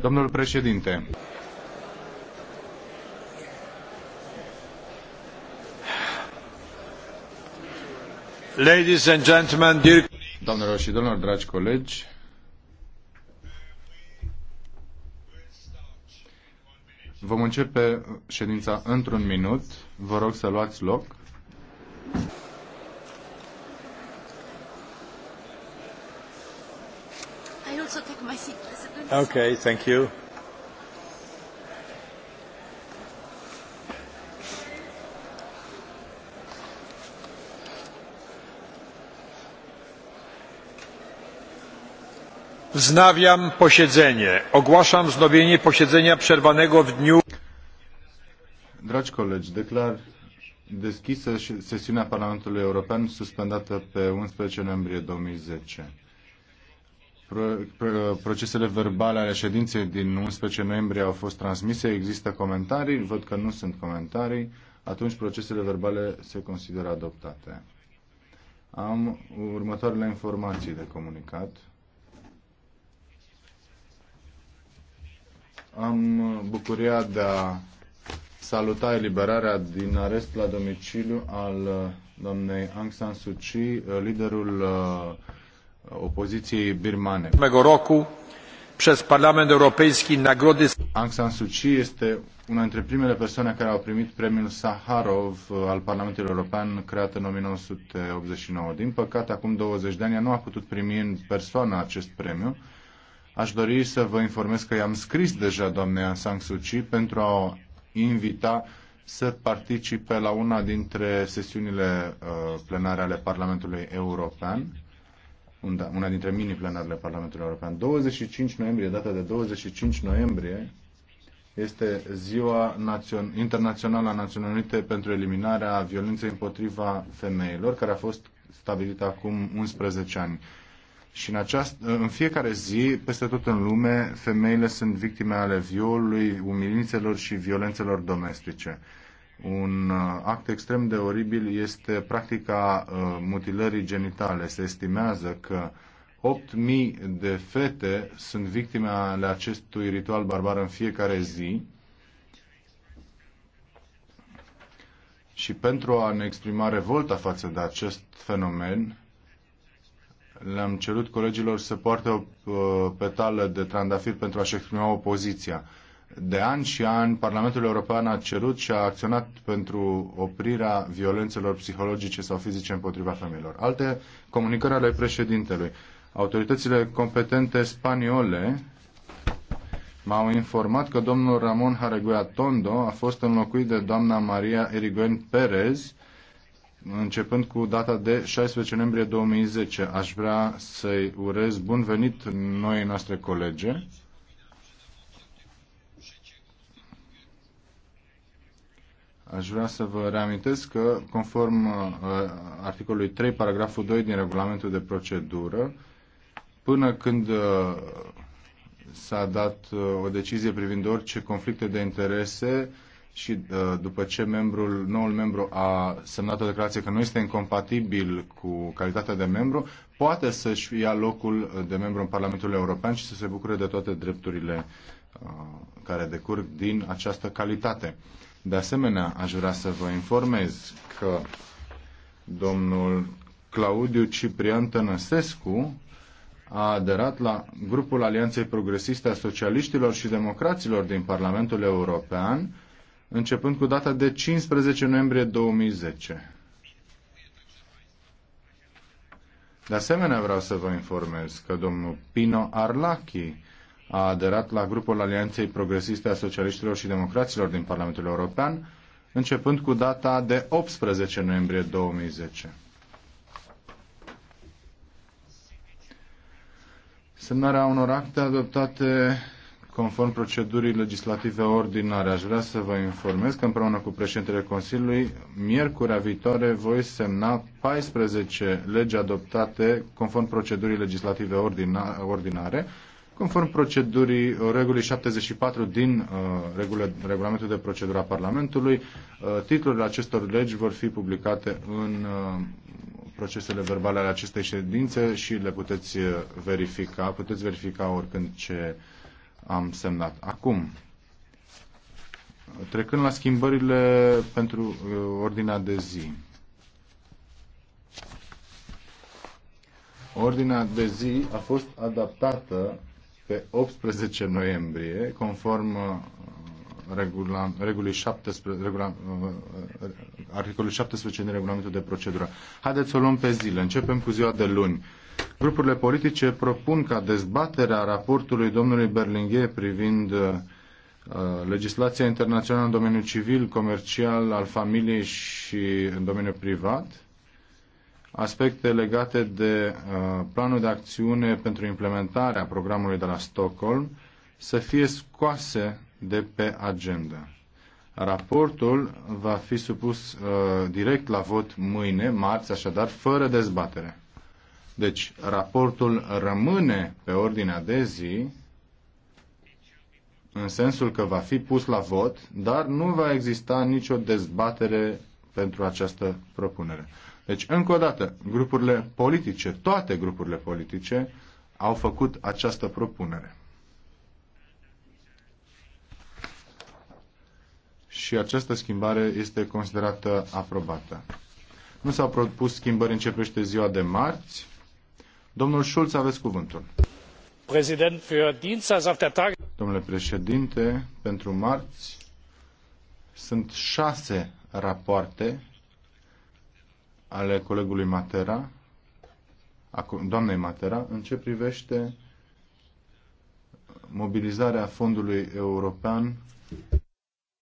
Domnule președinte. Ladies and gentlemen, dear... Doamnelor și domnilor, dragi colegi, vom începe ședința într-un minut. Vă rog să luați loc. also take my seat. Okay, thank you. Wznawiam posiedzenie. Ogłaszam wznowienie posiedzenia przerwanego w dniu. Dragi colegi, declar deschisă sesiunea Parlamentului European suspendată pe 11 noiembrie 2010. Procesele verbale ale ședinței din 11 noiembrie au fost transmise. Există comentarii? Văd că nu sunt comentarii. Atunci procesele verbale se consideră adoptate. Am următoarele informații de comunicat. Am bucuria de a saluta eliberarea din arest la domiciliu al doamnei Aung San Suu Kyi, liderul uh, opoziției birmane. Roku przez Parlament Europejski nagrody Aung San Suu Kyi este una dintre primele persoane care au primit premiul Saharov uh, al Parlamentului European creat în 1989. Din păcate, acum 20 de ani, ea nu a putut primi în persoană acest premiu. Aș dori să vă informez că i-am scris deja doamnei Aung San Suu Kyi pentru a o invita să participe la una dintre sesiunile uh, plenare ale Parlamentului European una, da, una dintre mini-plenarele Parlamentului European. 25 noiembrie, data de 25 noiembrie, este Ziua Națion- Internațională a Națiunilor Unite pentru eliminarea violenței împotriva femeilor, care a fost stabilită acum 11 ani. Și în, aceast- în fiecare zi, peste tot în lume, femeile sunt victime ale violului, umilințelor și violențelor domestice. Un uh, act extrem de oribil este practica uh, mutilării genitale. Se estimează că 8.000 de fete sunt victime ale acestui ritual barbar în fiecare zi. Și pentru a ne exprima revolta față de acest fenomen, le-am cerut colegilor să poarte o uh, petală de trandafir pentru a-și exprima opoziția. De ani și ani, Parlamentul European a cerut și a acționat pentru oprirea violențelor psihologice sau fizice împotriva femeilor. Alte comunicări ale președintelui. Autoritățile competente spaniole m-au informat că domnul Ramon Hareguia Tondo a fost înlocuit de doamna Maria Erigoen Perez începând cu data de 16 noiembrie 2010. Aș vrea să-i urez bun venit noi noastre colege. Aș vrea să vă reamintesc că, conform uh, articolului 3, paragraful 2 din regulamentul de procedură, până când uh, s-a dat uh, o decizie privind orice conflicte de interese și după ce membrul, noul membru a semnat o declarație că nu este incompatibil cu calitatea de membru, poate să-și ia locul de membru în Parlamentul European și să se bucure de toate drepturile care decurg din această calitate. De asemenea, aș vrea să vă informez că domnul Claudiu Ciprian Tănăsescu a aderat la grupul Alianței Progresiste a Socialiștilor și Democraților din Parlamentul European, începând cu data de 15 noiembrie 2010. De asemenea, vreau să vă informez că domnul Pino Arlachi a aderat la grupul Alianței Progresiste a Socialiștilor și Democraților din Parlamentul European, începând cu data de 18 noiembrie 2010. Semnarea unor acte adoptate conform procedurii legislative ordinare. Aș vrea să vă informez că împreună cu președintele Consiliului, miercurea viitoare voi semna 14 legi adoptate conform procedurii legislative ordinare conform procedurii uh, regulii 74 din uh, regulă, regulamentul de procedură a Parlamentului. Uh, titlurile acestor legi vor fi publicate în uh, procesele verbale ale acestei ședințe și le puteți uh, verifica, puteți verifica oricând ce am semnat. Acum, trecând la schimbările pentru uh, ordinea de zi. Ordinea de zi a fost adaptată pe 18 noiembrie, conform uh, regula, regulii 17, regula, articolul 17 din regulamentul de procedură. Haideți să o luăm pe zile. Începem cu ziua de luni. Grupurile politice propun ca dezbaterea raportului domnului Berlinghe privind uh, legislația internațională în domeniul civil, comercial, al familiei și în domeniul privat aspecte legate de uh, planul de acțiune pentru implementarea programului de la Stockholm să fie scoase de pe agenda. Raportul va fi supus uh, direct la vot mâine, marți, așadar, fără dezbatere. Deci, raportul rămâne pe ordinea de zi, în sensul că va fi pus la vot, dar nu va exista nicio dezbatere pentru această propunere. Deci, încă o dată, grupurile politice, toate grupurile politice, au făcut această propunere. Și această schimbare este considerată aprobată. Nu s-au propus schimbări începește ziua de marți. Domnul Schulz, aveți cuvântul. Domnule președinte, pentru marți sunt șase rapoarte ale colegului Matera, doamnei Matera, în ce privește mobilizarea fondului european